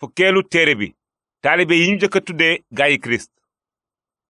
fukkeelu téere bi taalibe yi ñu jëkk a tuddee gaayi